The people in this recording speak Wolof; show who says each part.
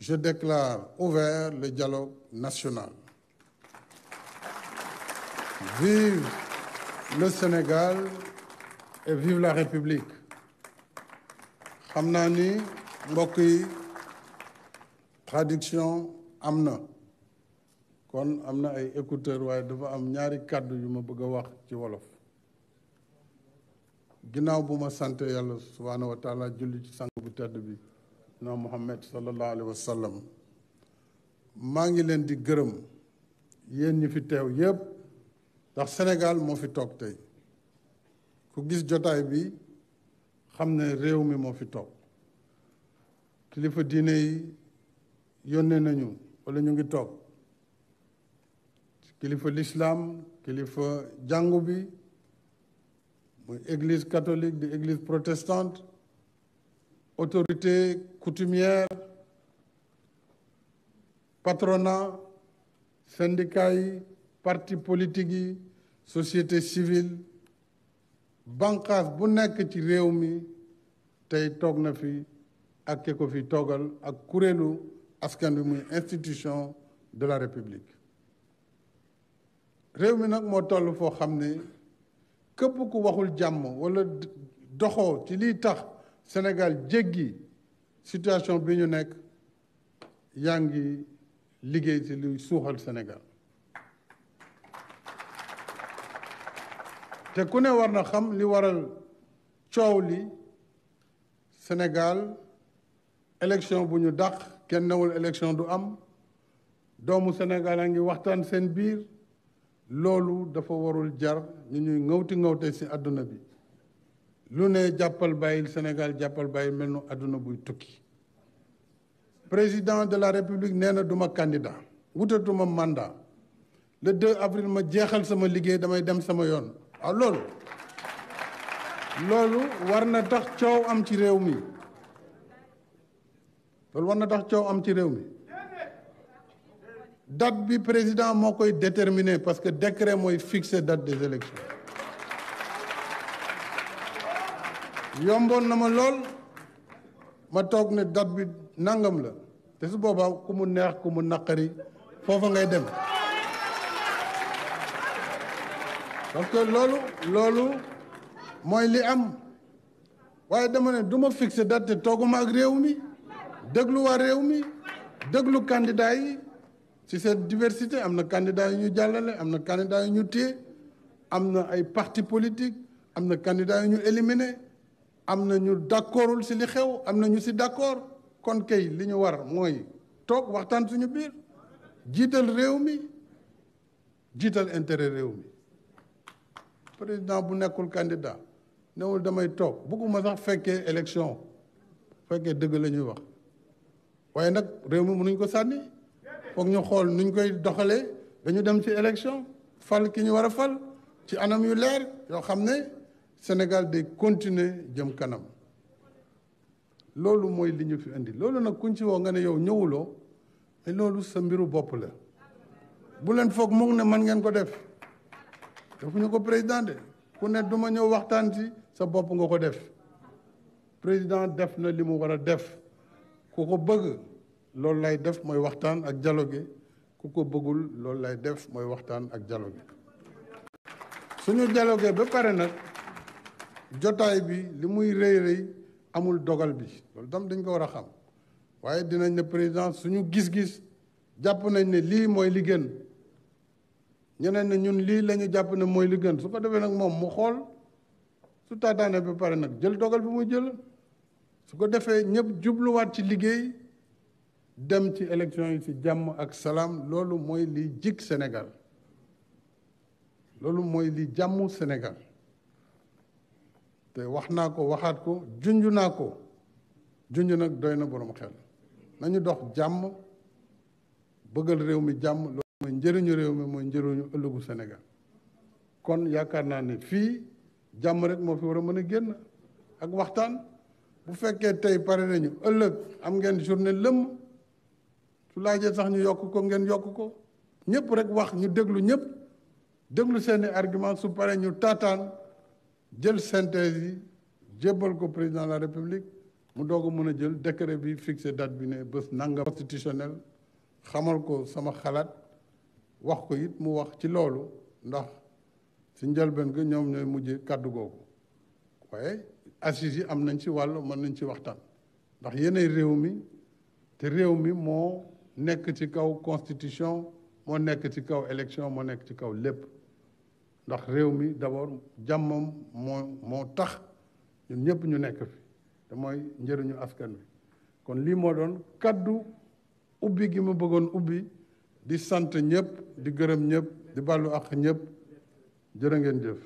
Speaker 1: je déclare ouvert le dialogue national. Vive le Sénégal et vive la République. xam naa ni mbokk yi traduction am na kon am na ay écouteurs waaye dafa am ñaari kàddu yu ma bëgg a wax ci wolof ginnaaw bu ma sant yàlla subhaanahu wa taala julli ci sang tedd bi na Muhammad sallallahu alayhi wa maa ngi leen di gërëm yéen ñi fi teew yépp ndax Sénégal moo fi toog tey ku gis jotaay bi xam ne réew mi moo fi toog kilifa diine yi yónnee nañu wala ñu ngi toog kilifa lislaam kilifa jàngu bi muy église catholique di église protestante autorités coutumières patrona syndicats yi parti politique yi société civile banqaas bu nekk ci réew mi tey toog na fi ak ke fi toogal ak kuréelu askan bi muy institution de la république réew mi nag moo toll foo xam ni képp ku waxul jàmm walla doxo ci liy tax Sénégal jéggi situation bi ñu nekk yaa ngi liggéey ci luy suuxal Sénégal te ku ne war na xam li waral coow li Sénégal élection bu ñu dàq kenn newul élection du am doomu Sénégal yaa ngi waxtaan seen biir loolu dafa warul jar ñu ñuy ngawti ngawte ci àdduna bi lu ne jàppal bàyyil Sénégal jàppal bàyyil mel nu àdduna buy tukki président de la république nee na duma candidat wutatuma mandat le 2 avril ma jeexal sama liggéey damay dem sama yoon waaw ah, loolu loolu war na tax coow am ci réew mi loolu war na tax coow am ci réew mi date bi président moo koy déterminer parce que décret mooy fixe date des élections yomboon na ma lool ma toog ne date bi nangam la te su boobaa ku mu neex ku mu naqari foofa ngay dem parce que loolu loolu mooy li am waaye dama ne du ma fixé date te tooguma ak réew mi déglu waa réew mi déglu candidat yi ci seen diversité am na candidat yu ñu jàllale am na candidat yu ñu téye am na ay parti politique am na candidat yu ñu éliminé am na ñu d'accordul ci li xew am na ñu ci d'accord kon kay li ñu war mooy toog waxtaan suñu biir jiital réew mi jiital intérêt réew mi président bu nekkul candidat newul damay toog bëgguma sax fekkee élection fekkee dëgg lañuy wax waaye nag réew mi mënuñ ko sànni foog ñu xool nuñ koy doxalee dañu dem ci élection fal ki ñu war a fal ci anam yu leer yoo xam ne Sénégal day continuer jëm kanam loolu mooy li ñu fi indi loolu nag ku kuñ ci woo nga ne yow ñëwuloo mais loolu sa mbiru bopp la bu leen foog mu ne man ngeen ko def defuñu ko président de ku ne du ma ñëw waxtaan ci sa bopp nga ko def président def na li mu war a def ku ko bëgg loolu lay def mooy waxtaan ak jalo gi ku ko bëggul loolu lay def mooy waxtaan ak jalo dialogue suñu gee ba pare nag jotaay bi li muy rëy rëy amul dogal bi loolu tam dañ ko war a xam waaye dinañ ne président suñu gis-gis jàpp nañ ne lii mooy li gën ñeneen ne ñun lii la ñu jàpp ne mooy li gën su ko defee nag moom mu xool su taataane ba pare nag jël dogal bi muy jël su ko defee ñëpp jubluwaat ci liggéey dem ci élection yi ci jàmm ak salaam loolu mooy lii jig Sénégal loolu mooy lii jàmmu Sénégal te wax naa ko waxaat ko junj naa ko junj nag doy na borom xel nañu dox jàmm bëggal réew mi jàmm loolu mooy njëriñu réew mi mooy njëriñu ëllëgu Sénégal kon yaakaar naa ne fii jàmm rek moo fi war a mën a génn ak waxtaan bu fekkee tey pare nañu ëllëg am ngeen journée lëmm su laajee sax ñu yokk ko ngeen yokk ko ñëpp rek wax ñu déglu ñëpp déglu seeni argument su pare ñu taataan jël synthèse yi jébbal ko président la république mu doog a mën a jël décret bi fixé date bi ne bës nangam constitutionnel xamal ko sama xalaat wax ko it mu wax ci loolu ndax si njëlbeen ga ñoom ñooy mujje kàddu googu waaye assises yi am nañ ci wàll mën nañ ci waxtaan ndax yeneen réew mi te réew mi moo nekk ci kaw constitution moo nekk ci kaw élection moo nekk ci kaw lépp ndax réew mi d'abord jàmmam moo moo tax ñun ñëpp ñu nekk fi te mooy njëriñu askan wi kon lii moo doon kaddu ubbi gi ma bëggoon ubbi di sant ñëpp di gërëm ñëpp di ballu ak ñëpp jërë ngeen jëf